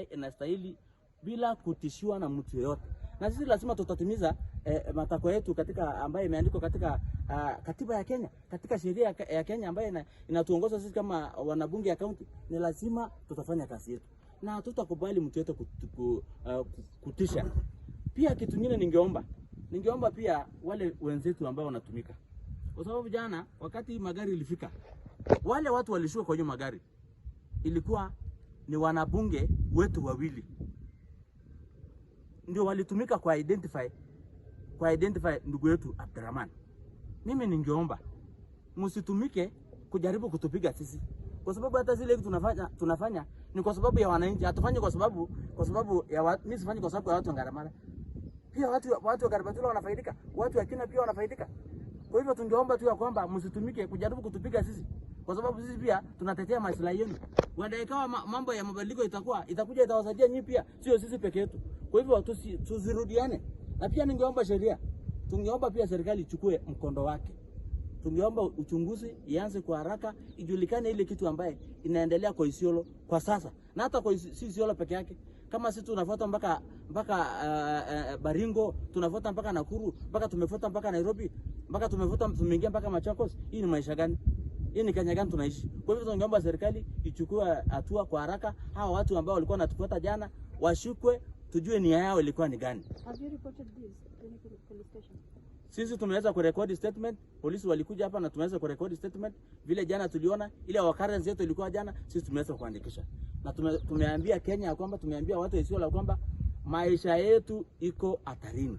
Eh, inastahili bila kutishiwa na mtu yeyote, na sisi lazima tutatimiza eh, matakwa yetu katika ambayo imeandikwa katika uh, katiba ya Kenya, katika sheria ya Kenya ambayo inatuongoza ina sisi kama wanabunge ya kaunti. Ni lazima tutafanya kazi yetu na tutakubali mtu yeyote ah, kutisha. Pia kitu kingine ningeomba ningeomba pia wale wenzetu ambao wanatumika, kwa sababu jana wakati magari ilifika, wale watu walishuka kwenye magari ilikuwa ni wanabunge wetu wawili ndio walitumika kwa identify kwa identify ndugu yetu Abdurrahman. Mimi ningeomba msitumike kujaribu kutupiga sisi, kwa sababu hata zile vitu tunafanya tunafanya ni kwa sababu ya wananchi, hatufanyi kwa sababu kwa sababu ya watu. Mimi sifanyi kwa sababu ya watu wa Ngaramara, pia watu watu wa Garbatula wanafaidika, watu wa Kina pia wanafaidika. Kwa hivyo tungeomba tu ya kwamba msitumike kujaribu kutupiga sisi, kwa sababu sisi pia tunatetea maslahi yenu. Wanda ikawa mambo ya mabadiliko itakuwa itakuja itawasaidia nyinyi pia, sio sisi peke yetu. Kwa hivyo tusirudiane, na pia ningeomba sheria, tungeomba pia serikali ichukue mkondo wake. Tungeomba uchunguzi ianze kwa haraka, ijulikane ile kitu ambaye inaendelea kwa Isiolo kwa sasa, na hata kwa Isiolo peke yake. Kama sisi tunafuata mpaka mpaka uh, uh, Baringo, tunafuata mpaka Nakuru, mpaka tumefuata mpaka Nairobi, mpaka tumefuata tumeingia mpaka Machakos. Hii ni maisha gani? Hii ni Kenya gani tunaishi? Kwa hivyo tungeomba serikali ichukue hatua kwa haraka, hawa watu ambao walikuwa wanatufuata jana washukwe tujue nia yao ilikuwa ni gani. Sisi tumeweza kurekodi statement, polisi walikuja hapa na tumeweza kurekodi statement. Vile jana tuliona ile occurrence yetu ilikuwa jana, sisi tumeweza kuandikisha na tume, tumeambia Kenya ya kwamba tumeambia watu wa Isiolo kwamba maisha yetu iko hatarini.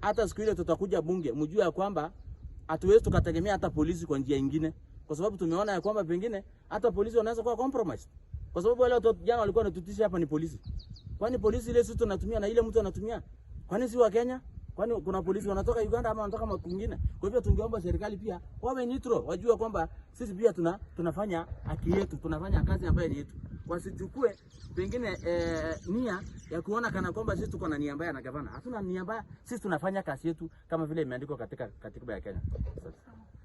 Hata siku ile tutakuja bunge, mjue ya kwamba hatuwezi tukategemea hata polisi kwa njia nyingine, kwa sababu tumeona ya kwamba pengine hata polisi wanaweza kuwa compromised. Kwa sababu wale watu jana walikuwa wanatutisha hapa ni polisi. Kwani polisi ile sisi tunatumia na ile mtu anatumia? Kwani si wa Kenya? Kwani kuna polisi wanatoka Uganda ama wanatoka makwingine? Kwa hivyo tungeomba serikali pia wawe neutral, wajue kwamba sisi pia tuna tunafanya haki yetu, tunafanya kazi ambayo ni yetu. Wasichukue pengine eh, nia ya kuona kana kwamba sisi tuko na nia mbaya na gavana. Hatuna nia mbaya, sisi tunafanya kazi yetu kama vile imeandikwa katika katiba ya Kenya. Sasa.